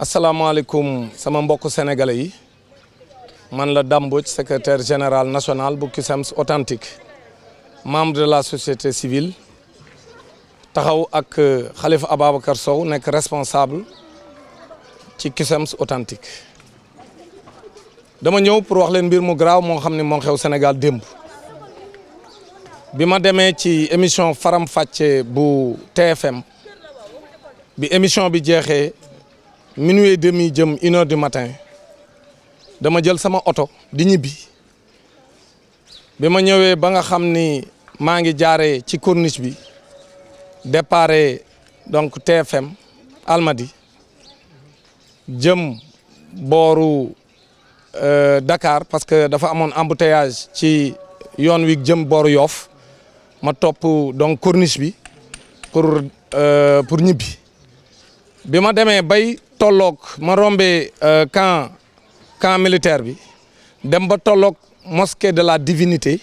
asalaamaaleykum sama mbokku sénégalais yi man la Dame secretaire général national bu CUSEMS authentique membre de la société civile taxaw ak euh, Khalifa Ababacar Sow nekk responsable ci CUSEMS authentique dama ñëw pour wax leen mbir mu garaaw moo xam ne moo xew Sénégal démb bi ma demee ci émission faram fàcce bu TFM bi émission bi jeexee minuit et demi jëm une du matin dama jël sama oto di ñibbi bi ma ñëwee ba nga xam ni maa ngi jaaree ci corniche bi dépare donc TFM Almadi jëm booru euh, Dakar parce que dafa amoon embouteillage ci yoon wi jëm booru yoof ma topp donc corniche bi pour euh, pour ñibbi bi ma demee bay tollook ma rombee euh, camp camp militaire bi dem ba tollook mosquée de la divinité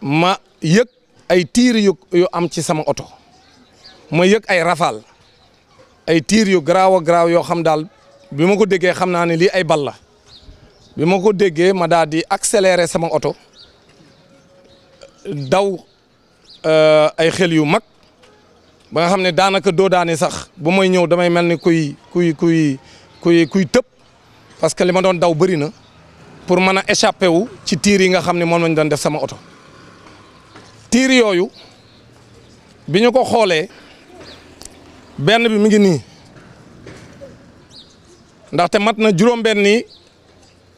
ma yëg ay tiir yu am ci sama oto ma yëg ay rafal ay tiir yu garaaw a garaaw yoo xam daal bi ma ko déggee xam naa ne lii ay bal la bi ma ko déggee ma daal di accélérer sama oto daw euh, ay xel yu mag ba nga xam ne daanaka doo daane sax bu mooy ñëw damay mel ni kuy kuy kuy kuy kuy tëb parce que li ma doon daw bëri na pour mën a échappé wu ci tiir yi nga xam ne moom lañ doon def sama oto tiir yooyu bi ñu ko xoolee benn bi mi ngi nii ndaxte mat na juróom-benni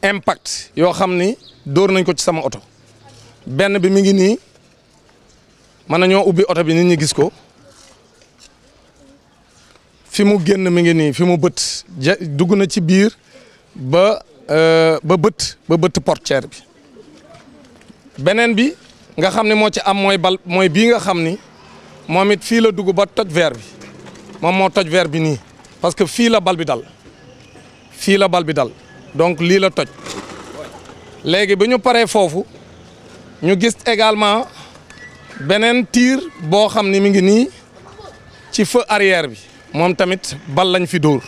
impact yoo xam ni dóor nañ ko ci sama oto benn bi mi ngi nii mën nañoo ubbi oto bi ñu ñi gis ko. fi mu génn mi ngi nii fi mu bët ja dugg na ci biir ba euh, ba bët ba bët portière bi beneen bi nga xam ne moo ci am mooy bal mooy bii nga xam ni moom it fii la dugg ba toj verre bi moom moo toj verre bi nii parce que fii la bal bi dal fii la bal bi dal donc lii la toj léegi bi ñu paree foofu ñu gis également beneen tir boo xam ni mi ngi nii ci feu arrière bi moom tamit bal lañ fi dóor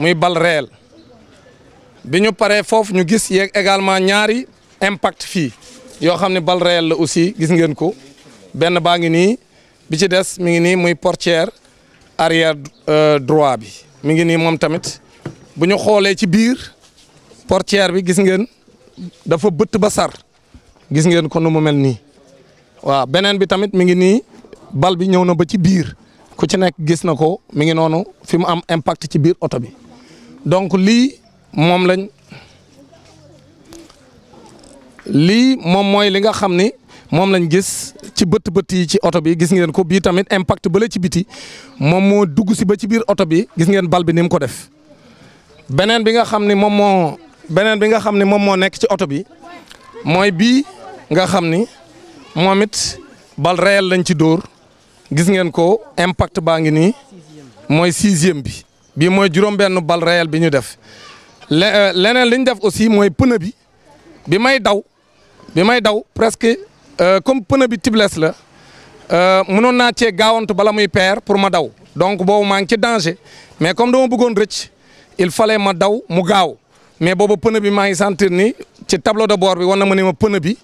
muy bal réel bi ñu paree foofu ñu gis yeeg également ñaari impact fii yoo xam ne bal réel la aussi gis ngeen ko benn baa ngi nii bi ci des mi ngi nii muy portière arrière euh, droit bi mi ngi nii moom tamit bu ñu xoolee ci biir portière bi gis ngeen dafa bëtt ba sar gis ngeen ko nu mu mel nii waaw beneen bi tamit mi ngi nii bal bi ñëw na ba ci biir ku ci nekk gis na ko mi ngi noonu fi mu am impact ci biir oto bi donc lii moom lañ lii moom mooy li nga xam ni moom lañ gis ci bët bët yi ci oto bi gis ngeen ko bii tamit impact bële ci biti moom moo dugg si ba ci biir oto bi gis ngeen bal bi ni ko def beneen bi nga xam ni moom moo beneen bi nga xam ni moom moo nekk ci oto bi mooy bii nga xam ni moom it bal réel lañ ci dóor. gis ngeen ko impact baa ngi nii mooy sixième bi bii mooy juróom-benn bal réel bi ñu def euh, leneen li def aussi mooy pneu bi bi may daw bi may daw presque euh, comme pneu bi tubeless la euh, mënoon naa cee gaawantu bala muy peer pour ma daw donc boobu maa ngi ci danger mais comme dama bëggoon rëcc il fallait ma daw mu gaaw mais boobu pneu bi maa ngi sentir ni ci tableau de bord bi wan na ma ne ma pneu bi.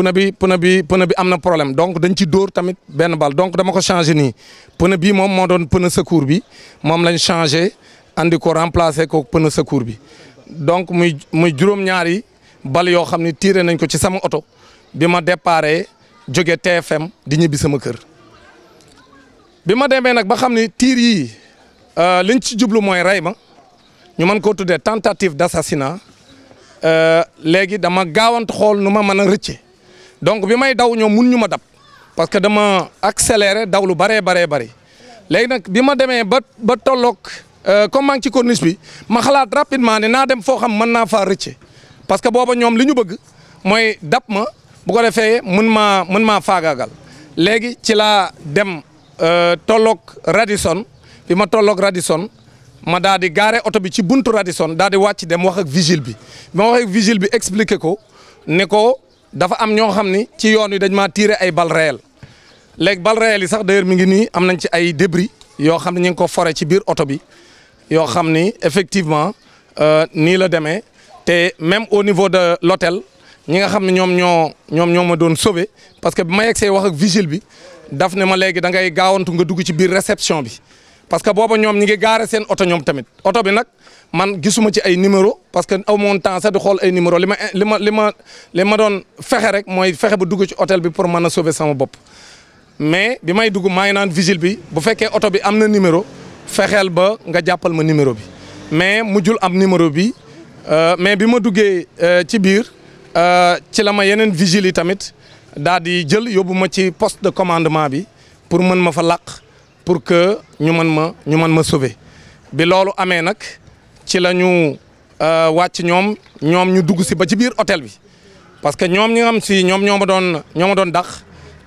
pneu bi pneu bi pneu bi am na problème donc dañ ci dóor tamit benn bal donc dama ko changé nii pneu bii moom moo doon pneu secours bi moom lañ changé andi ko remplacé ko pneu secours bi donc muy muy juróom-ñaari bal yoo xam ne tiire nañ ko ci sama oto bi ma déparé jóge TFM di ñibbi sama kër bi ma demee nag ba xam ne tiir yii euh, liñ ci jublu mooy rey ma ñu mën koo tuddee tentative d' assassinat euh, léegi dama gaawant xool nu ma mën a rëcce donc bi may daw ñoom mun ñu ma dab parce que dama accéléré daw lu baree baree bari léegi nag bi ma demee ba ba tolloog euh, comme maa ngi ci corniche bi ma xalaat rapidement ne naa dem foo xam mën naa faa rëcce parce que boobu ñoom li ñu bëgg mooy dab ma bu ko defee mun maa mun maa faagaagal léegi ci laa dem euh, tolloog Radisson bi ma tolloog Radisson ma daa di gaare oto bi ci buntu Radisson daa di wàcc dem wax ak vigile bi ma wax ak bi expliqué ko ne ko. dafa am ñoo xam ni ci yoon wi dañ maa tiire ay balles réelles léegi balles réelles yi sax d'ailleurs mi ngi nii am nañ ci ay débris yoo xam ne ñi ngi ko fore ci biir oto bi yoo xam ni effectivement euh, nii la demee te même au niveau de l'hôtel ñi nga xam ne ñoom ñoo ñoom ñoo ma doon sauvé parce que bi ma yegsee wax ak vigile bi daf ne ma léegi da ngay gaawantu nga dugg ci biir réception bi parce que booba ñoom ñi ngi gaare seen oto ñoom tamit oto bi nag man gisuma ci ay numéro parce que aw moon sa sax di xool ay numéro li ma li ma li ma li ma doon fexe rek mooy fexe ba dugg ci hôtel bi pour mën a sauver sama bopp mais bi may dugg maa ngi naan vigile bi bu fekkee oto bi am na numéro fexeel ba nga jàppal ma numéro bi mais mu jul am numéro bi euh, mais bi ma duggee euh, ci biir euh, ci la ma yeneen vigile yi tamit daal di jël yóbbu ma ci post de commandement bi pour mën ma fa làq pour que ñu mën ma ñu mën ma sauver bi loolu amee nag ci la ñu euh, wàcc ñoom ñoom ñu dugg si ba ci biir hôtel bi parce que ñoom ñi nga xam si ñoom ñoo ma doon ñoo ma doon dàq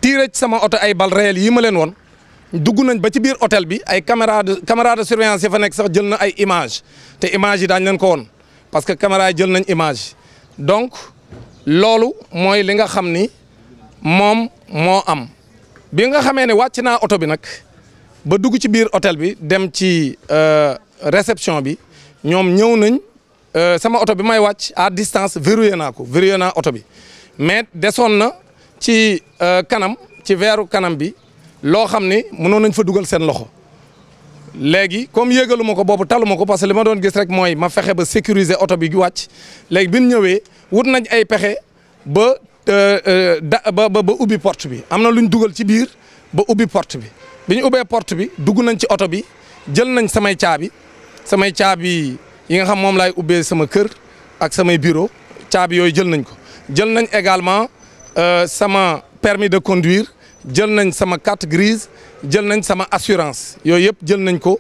tiire sama oto ay bal réel yi ma leen woon dugg nañ ba ci biir hôtel bi ay caméra de caméra yi fa nekk sax jël na ay image te image yi daañ leen ko woon parce que caméra yi jël nañ image donc loolu mooy li nga xam ni moom moo am bi nga xamee ne wàcc naa oto bi nag ba dugg ci biir hôtel bi dem ci euh, réception bi ñoom ñëw nañ euh, sama oto bi may wàcc à distance verrouillé naa ko verrouillé naa oto bi mais desoon na ci euh, kanam ci weeru kanam bi loo xam ne mënoon nañ fa dugal seen loxo léegi comme yégaluma ko boobu talu ma ko parce que li ma doon gis rek mooy ma fexe ba sécuriser oto bi wàcc léegi bi ñëwee wut nañ ay pexe ba euh, da ba ubbi porte bi am na lu ñu dugal ci biir ba ubbi porte bi bi ñu ubbee porte bi dugg nañ ci oto bi jël nañ samay caabi. samay caabi yi nga xam moom laay ubbee sama kër ak samay bureau caabi yooyu jël nañ ko jël nañ également euh, sama permis de conduire jël nañ sama carte grise jël nañ sama assurance yooyu yëpp jël nañ ko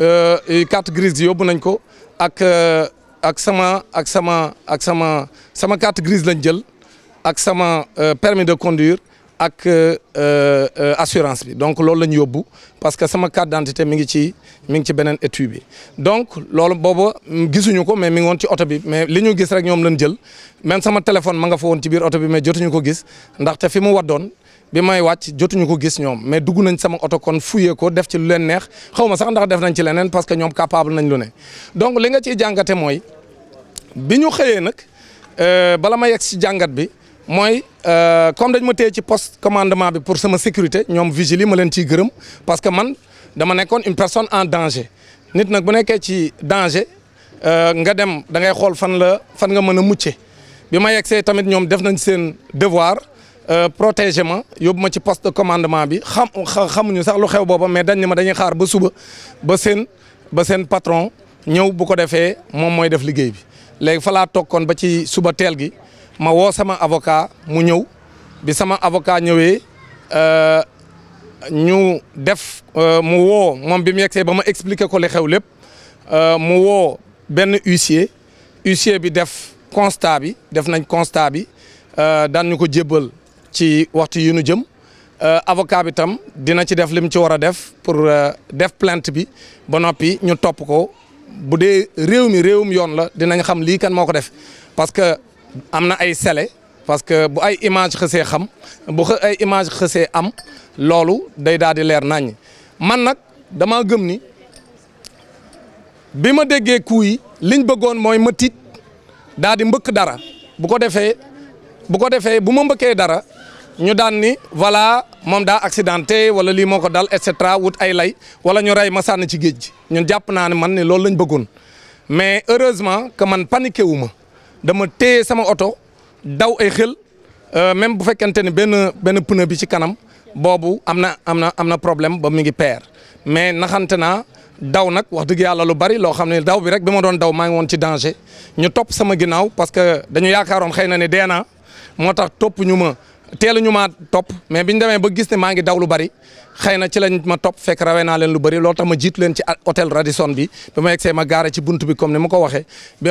euh, carte grise yóbbu nañ ko ak euh, ak sama ak sama ak sama sama carte grise lañ jël ak sama permis de conduire ak euh, euh, assurance bi donc loolu la ñu yóbbu parce que sama carte d'identité mi ngi ci mi ngi ci beneen étui bi donc loolu booba gisuñu ko mais mi ngi woon ci oto bi mais li ñu gis rek ñoom lañ jël même sama téléphone ma nga fa woon ci biir oto bi mais jotuñu ko gis ndaxte fi mu waddoon bi may wàcc jotuñu ko gis ñoom mais dugg nañ sama oto kon fuyee ko def ci lu leen neex xaw ma sax ndax def nañ ci leneen parce que ñoom capable nañ lu ne donc li nga ciy jàngate mooy bi ñu xëyee nag euh, bala ma yegg si jàngat bi. mooy euh, comme dañ ma téye ci poste commandement bi pour sama sécurité ñoom vigile yi ma leen ciy gërëm parce que man dama nekkoon une personne en danger nit nag bu nekkee ci danger euh, nga dem da ngay xool fan la fan nga mën a mucce bi ma yegsee tamit ñoom def nañ seen devoir euh, protéger ma yóbbu ma ci poste de commandement bi xam xamuñu sax lu xew booba mais dañ ne ma dañuy xaar ba suba ba seen ba seen patron ñëw bu ko defee moom mooy def liggéey bi léegi fa laa kon ba ci suba teel gi. ma woo sama avocat mu ñëw bi sama avocat ñëwee euh, ñu def euh, mu woo moom bi mu yegsee ba ma expliquer ko le xew lépp euh, mu woo benn huissier huissier bi def constat bi def nañ constat bi daan ñu ko jébbal ci waxtu yi nu jëm avocat bi tam dina ci def li mu ci war a def pour def plainte bi ba noppi ñu topp ko bu dee réew mi réewum yoon la dinañ xam lii kan moo ko def am na ay sele parce que bu ay image xësee xam bu ay image xësee am loolu day daal di leer naññ man nag dama gëm ni bi ma déggee coup yi liñ bëggoon mooy ma tiit daal di mbëkk dara bu ko defee bu ko defee bu ma mbëkkee dara ñu daan ni voilà moom daa accidenté wala lii moo ko dal et wut ay lay wala ñu rey ma sànni ci géej gi ñun jàpp naa ne man ni loolu lañ bëggoon mais heureusement que man paniqué wu ma dama téye sama oto daw ay xel euh, même bu fekkente ne benn benn pneu bi ci kanam boobu am na am na am na problème ba mu ngi peer mais naxante naa daw nag wax dëgg yàlla lu bari loo xam ne daw bi rek bi doon daw maa ngi woon ci danger ñu topp sama ginnaaw parce que dañu yaakaaroon xëy na ne dee naa moo tax topp ñu ma teelu ñu maa topp mais bi ñu demee ba gis ne maa ngi daw lu bari xëy na ci lañ ma topp fekk rawee naa leen lu bëri loolu tax ma jiitu leen ci hôtel Radisson bi ba ma yegsee ma gaare ci buntu bi comme ni ma ko waxee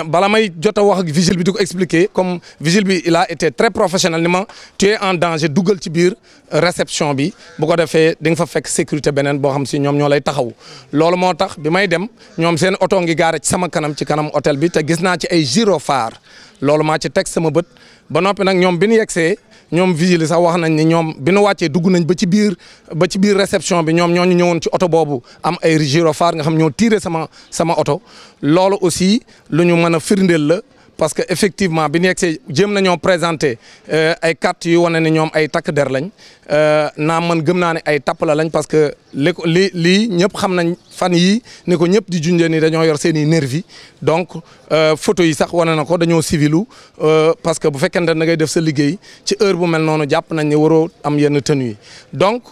bala may jot a wax ak vigile bi di ko expliquer comme vigile bi il a été très professionnel ni ma tu en danger duggal ci biir réception bi bu ko defee di nga fa fekk sécurité beneen boo xam si ñoom ñoo lay taxaw lool moo tax bi may dem ñoom seen oto ngi gaare ci sama kanam ci kanam hôtel bi te gis naa ci ay gyrophare loolu maa ci teg sama bët ba noppi nag ñoom bi ñu yegsee ñoom vigile sax wax nañ ni ñoom bi nu wàccee dugg nañ ba ci biir ba ci biir réception bi ñoom ñoo ñu ñëwoon ci oto boobu am ay gyrophare nga xam ñoo tiire sama sama oto loolu aussi lu ñu mën a firndeel la. parce que effectivement bi nekk see jéem nañoo présenter euh, ay cartes yu wane na ñoom ay takk der lañ euh, naa man gëm naa ne ay tapp la lañ parce que li ko li lii ñëpp xam nañ fan yi ni ko ñëpp di junjee ni dañoo yor seen i nervi donc euh, photo yi sax wane na ko dañoo civilu parce que bu fekkente ne da ngay def sa liggéey ci heure bu mel noonu jàpp nañ ne waroo am yenn tenue yi donc.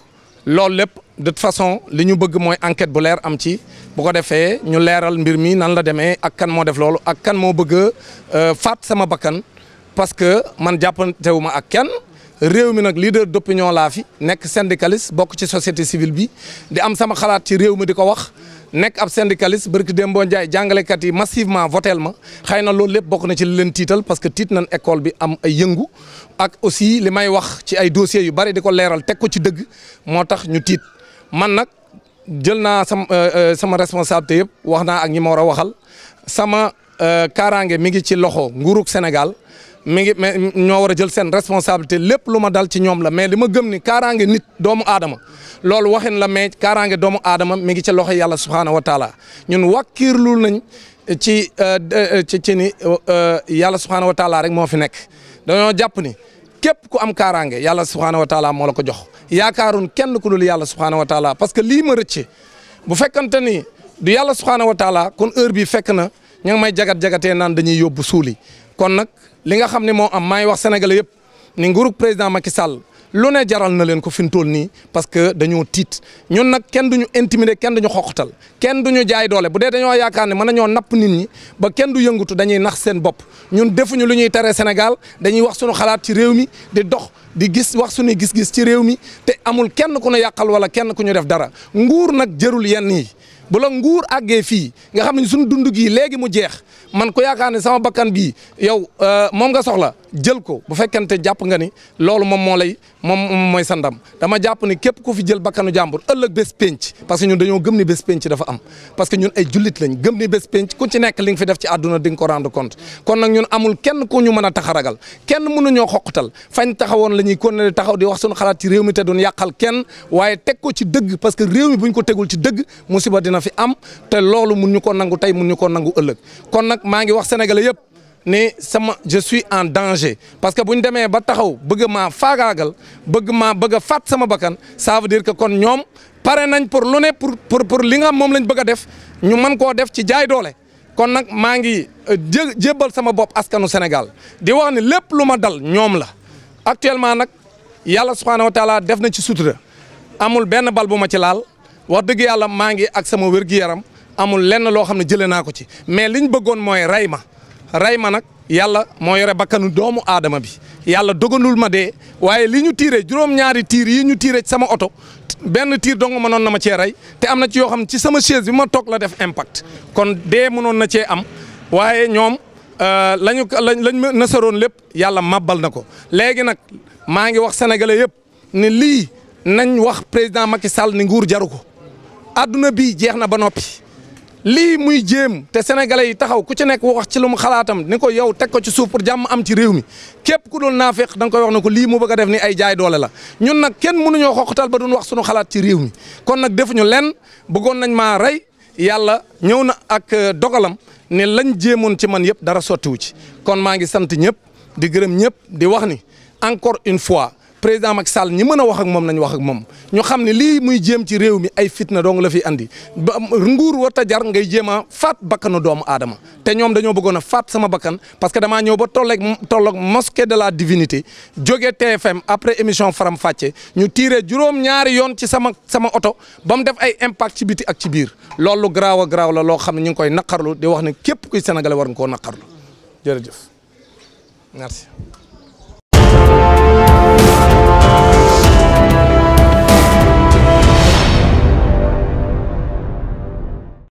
loolu lépp de toute façon li ñu bëgg mooy enquête bu leer am ci bu ko defee ñu leeral mbir mi nan la demee ak kan moo def loolu ak kan moo bëgg a euh, faat sama bakkan parce que man jàppantewu ma ak kenn réew mi nag leader d'opinion laa fi nekk syndicaliste bokk ci société civile bi di am sama xalaat ci réew mi di ko wax nekk ab syndicaliste barki Dembo Ndiaye jàngalekat yi massivement votel ma xëy na loolu lépp bokk na ci leen tiital parce que tiit nañ école bi am a yëngu ak aussi li may wax ci ay dossiers yu bari di ko leeral teg ko ci dëgg moo tax ñu tiit man nag jël naa sama euh, euh, sama responsabilité yëpp wax naa ak ñi ma war a waxal sama euh, kaaraange mi ngi ci loxo nguurug Sénégal. mi ngi mais ñoo war a jël seen responsabilité lépp lu ma dal ci ñoom la mais li ma gëm ni kaaraange nit doomu aadama loolu waxin la mais kaaraange doomu aadama mi ngi ci loxo yàlla subhaanahu wa taala ñun wàkkiirlu nañ ci euh, ci ci ni euh, yàlla subhaanahu wa rek moo fi nekk dañoo jàpp ni képp ku am kaaraange yàlla subhaanahu wa taala moo la ko jox yaakaaroon kenn ku dul yàlla subhaanahu wa parce que lii ma rëcce bu fekkante ni du yàlla subhaanahu wa taala kon heure bi fekk na ñu ngi may jagat jagatee naan dañuy yóbbu suuli kon li nga xam ne moo am maa wax sénégalais yëpp ni nguurug président Macky Sall lu ne jaral na leen ko fi mu toll nii parce que dañoo tiit ñun nag kenn duñu intimider kenn duñu xoqatal kenn duñu jaay doole bu dee dañoo yaakaar ne mën nañoo napp nit ñi ba kenn du yëngatu dañuy nax seen bopp ñun defuñu lu ñuy tere Sénégal dañuy wax suñu xalaat ci réew mi di dox di gis wax suñuy gis-gis ci réew mi te amul kenn ku ñu yàqal wala kenn ku ñu def dara nguur nag jërul yenn yi bu la nguur àggee fii nga xam ne suñu dund gii léegi mu jeex man ko yaakaar sama bakkan bii yow euh, moom nga soxla jël ko bu fekkente jàpp nga ni loolu moom moo lay moom mooy sandam dama jàpp ni képp ku fi jël bakkanu jàmbur ëllëg bés penc parce que ñun dañoo gëm ni bés penc dafa que ñun ay jullit lañ gëm ni bés penc ku ci nekk li nga fi def ci àdduna di ko rendre compte kon nag ñun amul kenn ku ñu mën a taxaragal kenn mënuñoo xoqatal fañ taxawoon la ñuy continuer taxaw di wax suñu xalaat ci réew mi te doon yàqal kenn waaye teg ko ci dëgg parce que réew ko tegul ci dëgg musiba dina na fi am te loolu mun ñu ko nangu tey mun ñu ko nangu ëllëg kon nag maa ngi wax sénégalais yëpp ni sama je en danger parce que bu ñu demee ba taxaw bëgg maa faagaagal bëgg maa bëgg a faat sama bakkan ça dire que kon ñoom pare nañ pour lu ne pour pour pour li nga moom lañ bëgg def ñu mën koo def ci jaay doole. kon nag maa ngi euh, jé jébbal sama bopp askanu Sénégal di wax ne lépp lu ma dal ñoom la actuellement nag yàlla subhaanahu wa def na ci sutura amul benn bal bu ma ci laal. wax dëgg yàlla maa ngi ak sama wér-gu-yaram amul lenn loo xam ne jëlee naa ko ci mais liñ bëggoon mooy rayma ma rey ma nag yàlla moo yore bakkanu doomu aadama bi yàlla dogalul ma dee waaye li ñu tiiree juróom-ñaari tiir yi ñu tiire ci sama oto benn tiir dong mënoon na ma cee rey te am na ci yoo xam ne ci sama chaise bi ma toog la def impact kon dee mënoon na cee am waaye ñoom euh, lañu lañ lañ ma nasaroon lépp yàlla màbbal na ko léegi nag maa ngi wax sénégalais yëpp ne lii nañ wax président Macky Sall nguur jaru ko àdduna bi jeex na ba noppi lii muy jéem te sénégalais yi taxaw ku ci nekk wax ci lu mu xalaatam ni ko yow teg ko ci suuf pour jàmm am ci réew mi képp ku doon naafeq da nga koy wax ne ko lii mu bëgg a def ni ay jaay doole la ñun nag kenn mënuñoo xoqatal ba duñ wax suñu xalaat ci réew mi kon nag defuñu lenn bëggoon nañ maa rey yàlla ñëw na ak euh, dogalam ne lañ jéemoon ci man yëpp dara sottiwu ci kon maa ngi sant ñëpp di gërëm ñëpp di wax ni encore une fois président mac Sall ñi mën a wax ak moom nañ wax ak moom ñu xam ne lii muy jéem ci réew mi ay fitna dong la fi andi ba nguur warta jar ngay jéem a faat bakkanu doomu aadama te ñoom dañoo bëggoon a faat sama bakkan parce que damaa ñëw ba tolleeg tolloog mosquée de la divinité jógee TFM après émission faram fàcce ñu tiiree juróom ñaari yoon ci sama sama oto ba mu def ay impact ci biti ak ci biir loolu garaaw a la loo xam ne ñu ngi koy naqarlu de wax ne képp kuy sénégalais war nga koo naqarlu jërëjëf